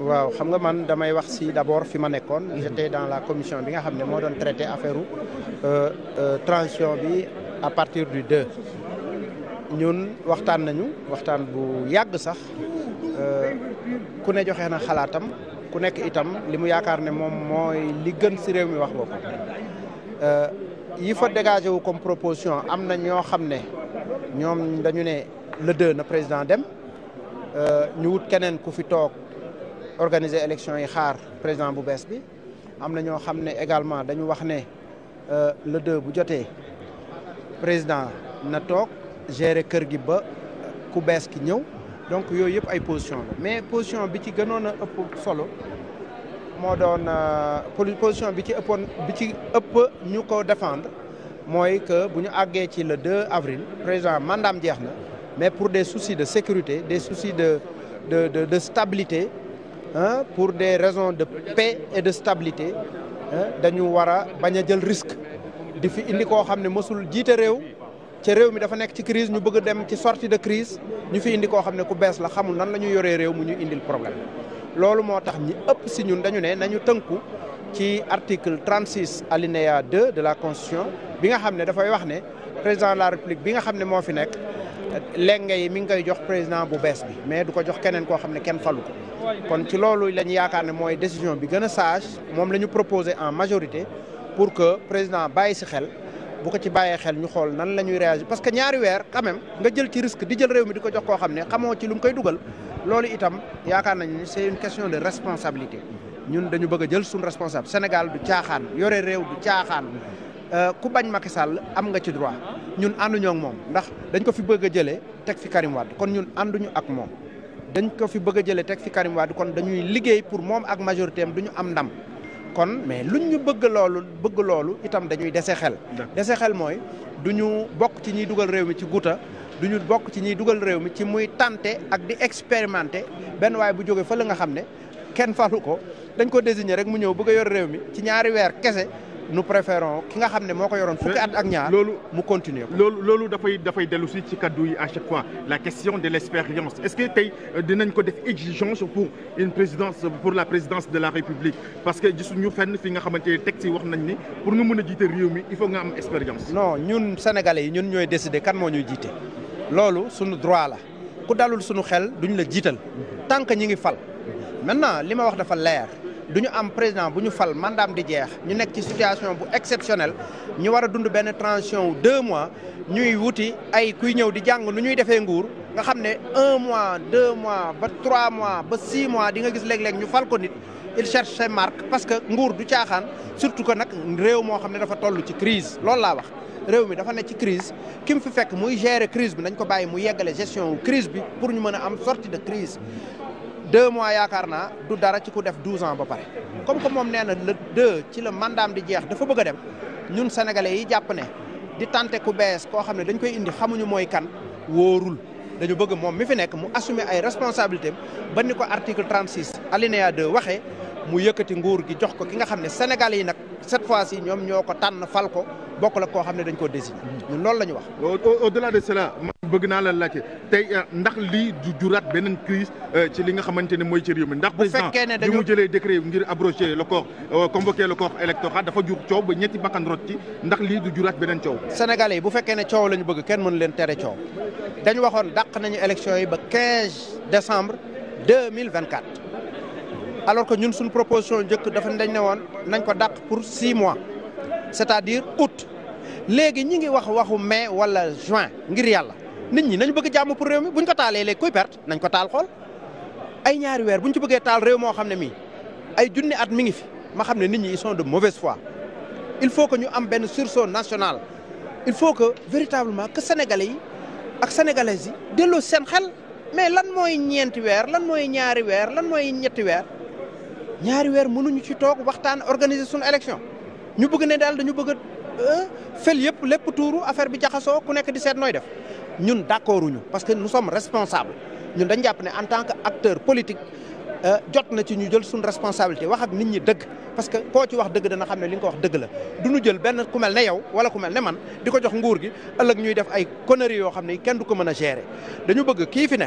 waaw xam nga man damay wax si d'abord fi ma nekkoon j'étais dans la commission bi nga xam ne moo doon traité affaire euh, euh, transition bi à partir du 2 ñun waxtaan nañu waxtaan bu yàgg sax euh, ku ne joxe na xalaatam ku nekk itam li mu yaakaar ne moom mooy li gën si réew mi wax nga ko yi fa dégagé wu comme proposition am na ñoo xam ne ñoom dañu ne le deux na président dem ñu wut keneen ku fi toog organiser élection yi xaar président bu bees bi am na ñoo xam ne également dañu wax ne euh, le deux bu jotee président na toog gere kër gi ba ku bees ki ñëw donc yooyu yëpp ay position la mais position bi ci gënoon a ëpp solo moo doon euh, position bi ci ëppoon bi ci ëpp ñu ko défendre mooy que bu ñu àggee ci le 2 avril président mandaam jeex na mais pour des soucis de sécurité des soucis de de de, de stabilité ah pour des raisons de paix et de stabilité dañu war a bañ a jël risque di fi indi koo xam ne mësul jiite réew ci réew mi dafa nekk ci crise ñu bëgg dem ci sortie de crise ñu fi indi koo xam ne ku bees la xamul nan la ñu yoree réew mu ñu indil problème loolu moo tax ñi ëpp si ñun dañu ne nañu tënku ci article 36 alinéa 2 de la constitution bi nga xam ne dafay wax ne président de la république bi nga xam ne moo fi nekk lenge yi mi ngi koy jox président bu bees bi mais du ko jox keneen koo xam ne kenn falu kon ci loolu la ñu yaakaar ne mooy décision bi gën a sage moom la ñu proposé en majorité pour que président bàyyi si xel bu ko ci bàyyee xel ñu xool nan la ñuy réagir parce que ñaari weer quand même nga jël ci risque di jël réew mi di ko jox koo xam ne xamoo ci lu mu koy dugal loolu itam yaakaar nañ ni c'est une question de responsabilité ñun dañu bëgg a jël suñu responsable Sénégal du caaxaan yore réew du caaxaan Euh, ku bañ Macky Sall am nga ci droit ñun ànduñoo ak moom ndax dañ ko fi bëgg a jëlee teg fi Karim Wade kon ñun ànduñu ak moom. dañ ko fi bëgg a jëlee teg fi Karim Wade kon dañuy liggéey pour moom ak majorité am du ñu am ndam kon mais luñ ñu bëgg loolu bëgg loolu itam dañuy dese xel. dese xel mooy du ñu bokk ci ñiy dugal réew mi ci guta du ñu bokk ci ñiy dugal réew mi ci muy tante ak di expérimenter benn waaye bu jógee fa la nga xam ne kenn falu ko dañ ko désigner rek mu ñëw bëgg yor réew mi ci ñaari weer kese. nu préférons ki nga xam ne moo ko yoroon fukki at ak ñaar loolu mu continuer ko loolu loolu dafay dellusi ci kaddu yi à chaque fois la question de l' expérience est ce que tey euh, dinañ ko def exigence pour une présidence pour la présidence de la république parce que gisuñu fenn fi nga xamante ne texte yi wax nañ ni pour nga mën a jiite réew mi il faut nga am expérience non ñun sénégalais yi ñun ñooy décider kan moo ñuy jiite loolu suñu droit la ku dalul suñu xel duñ la jiital tant que ñi ngi fal maintenant li ma wax dafa leer du ñu am président bu ñu fal mandaam di jeex ñu nekk ci situation bu exceptionnel ñu war a dund benn transition deux mois ñuy wuti ay kuy ñëw di jàng nu ñuy defee nguur nga xam ne un mois deux mois ba trois mois ba six mois di nga gis léeg-léeg ñu fal ko nit il cherche ses parce que nguur du caaxaan surtout que nag réew moo xam ne dafa toll ci crise loolu laa wax réew mi dafa ne ci crise ki mu fi fekk muy gérer crise bi nañ ko bàyyi mu yeggale gestion wu crise pour ñu mën a am sortie de crise deux mois yaakaar naa du dara ci ku def douze ans ba pare comme que moom nee na le deux ci la mandaam di jeex dafa bëgg a dem ñun sénégalais yi jàpp ne di tante ku bees koo xam ne dañ koy indi xamuñu mooy kan wóorul dañu bëgg moom mi fi nekk mu assumer ay responsabilités ba ni ko article 36 alinéa 2 waxee mu yëkkati nguur gi jox ko ki nga xam ne sénégalais yi nag cette fois ci ñoom ñoo ko tànn fal ko bokkul ak koo xam ne dañ koo désigné. ñun loolu la ñu wax. au delà de cela bëgg naa la laajte tey euh, ndax lii du juraat beneen crise euh, ci li nga xamante ne mooy ci réew mi ndax. président bi mu jëlee décret ngir abroger le corps euh, convoquer le corps électoral dafa jur coow ba ñetti bakkan rot ci ndax lii du juraat beneen coow. Sénégalais yi bu fekkee ne coow lañu bëgg kenn mënu leen tere coow dañu waxoon dàq nañu élection yi ba 15 décembre 2024 alors que ñun suñ proposition njëkk dafa dañ ne woon nañ ko dàq pour 6 mois. c'est-à-dire août léegi ñi ngi wax waxu mai wala juin ngir yàlla nit ñi nañu bëgg jàmm pour réew mi buñ ko taalee léegi kuy perte nañ ko taal xool ay ñaari weer buñ ci bëggee taal réew moo xam ne mii ay junni at mi ngi fi ma xam ne nit ñi i sont de mauvaise foi il faut que ñu am benn sursaut national il faut que véritablement que sénégalais yi ak sénégalaises yi delloo seen xel mais lan mooy ñeenti weer lan mooy ñaari weer lan mooy ñetti weer ñaari weer mënuñu ci toog waxtaan organiser suñu élection ñu bëgg ne daal dañu bëgg a fel yëpp lépp tuuru affaire bi jaxasoo ku nekk di seet nooy def ñun d'accord uñu parce que nous somme responsables ñun dañ jàpp ne en tant que acteur politique euh, jot na ci ñu jël suñ responsabilité wax ak nit ñi dëgg parce que koo ci wax dëgg dana xam ne li nga ko wax dëgg la du ñu jël benn ku ne yow wala ku mel ne man di ko jox nguur gi ëllëg ñuy def ay conneries yoo xam ne kenn du ko mën a gérer dañu bëgg kii fi ne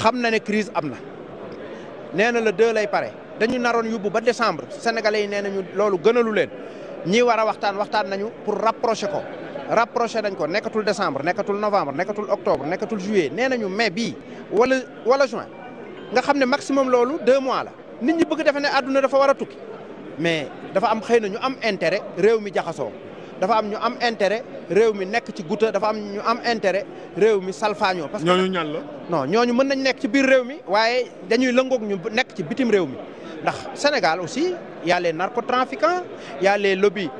xam na ne crise am na nee na le deux lay pare dañu naroon yóbbu ba décembre sénégalais yi nee nañu loolu gënalu leen ñi war a waxtaan waxtaan nañu pour rapprocher ko rapproché nañ ko nekkatul décembre nekkatul novembre nekkatul octobre nekkatul juillet nee nañu mais bii wala wala juin nga xam ne maximum loolu deux mois la nit ñi bëgg defe ne àdduna dafa war a tukki mais dafa am xëy na ñu am intérêt réew mi jaxasoo dafa am ñu am intérêt réew mi nekk ci guta dafa am ñu am intérêt réew mi salfaañoo. parce que ñooñu ñan la. non ñooñu mën nañ nekk ci biir réew mi waaye dañuy lëngoog ñu nekk ci bitim réew mi ndax Sénégal aussi y a les narcotrafiquants y a les lobbies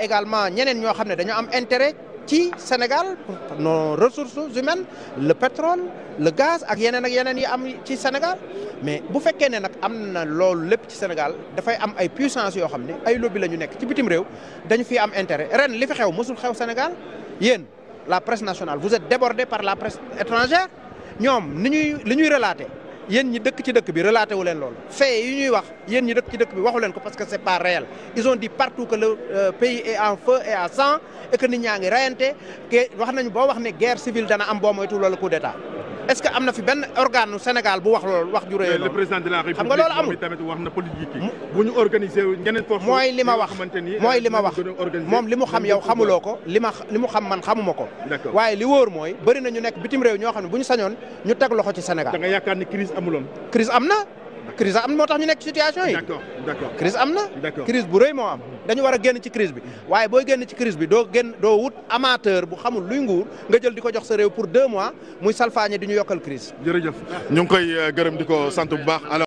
également ñeneen ñoo xam ne dañoo am intérêt. ci Sénégal no ressources humaines le pétrole le gaz ak yeneen ak yeneen yi am ci Sénégal mais bu fekkee ne nag am na loolu lépp ci Sénégal dafay am ay puissance yoo xam ne ay lobby la ñu nekk ci bitim réew dañu fi am intérêt ren li fi xew mësul xew Sénégal yéen la presse national vous êtes débordé par la presse étrangère ñoom ni ñuy li ñuy relater yéen ñi dëkk ci dëkk bi relaté wu leen loolu fait yi ñuy wax yéen ñi dëkk ci dëkk bi waxu leen ko parce que c'est pas réel ils ont partout que le euh, pays et à sang et que nit ñaa ngi rayante que wax nañu boo wax ne guerre civile dana am boo moytu loolu coup d'état est-ce que am na fi benn organe nu Sénégal bu wax loolu wax ju rëy loolu. le président de la xam nga loolu amul bu ñu organiser mooy li ma wax mooy li ma wax moom li mu xam yow xamuloo ko li ma li mu xam man xamuma ko. waaye li wóor mooy bëri na ñu nekk bitim réew ñoo xam ne bu ñu sañoon ñu teg loxo ci Sénégal. da nga yaakaar ni crise amuloon. crise am na. crise am na moo tax ñu nekk situation yi. d'accord d'accord crise am na. d'accord bu rëy moo am dañu war a ci crise bi waaye booy génn ci crise bi doo wut amateur bu xamul luy nguur nga jël di ko jox sa réew pour deux mois muy salfaañe di ñu yokkal crise. jërëjëf ñu koy euh, gërëm di ko sant bu baax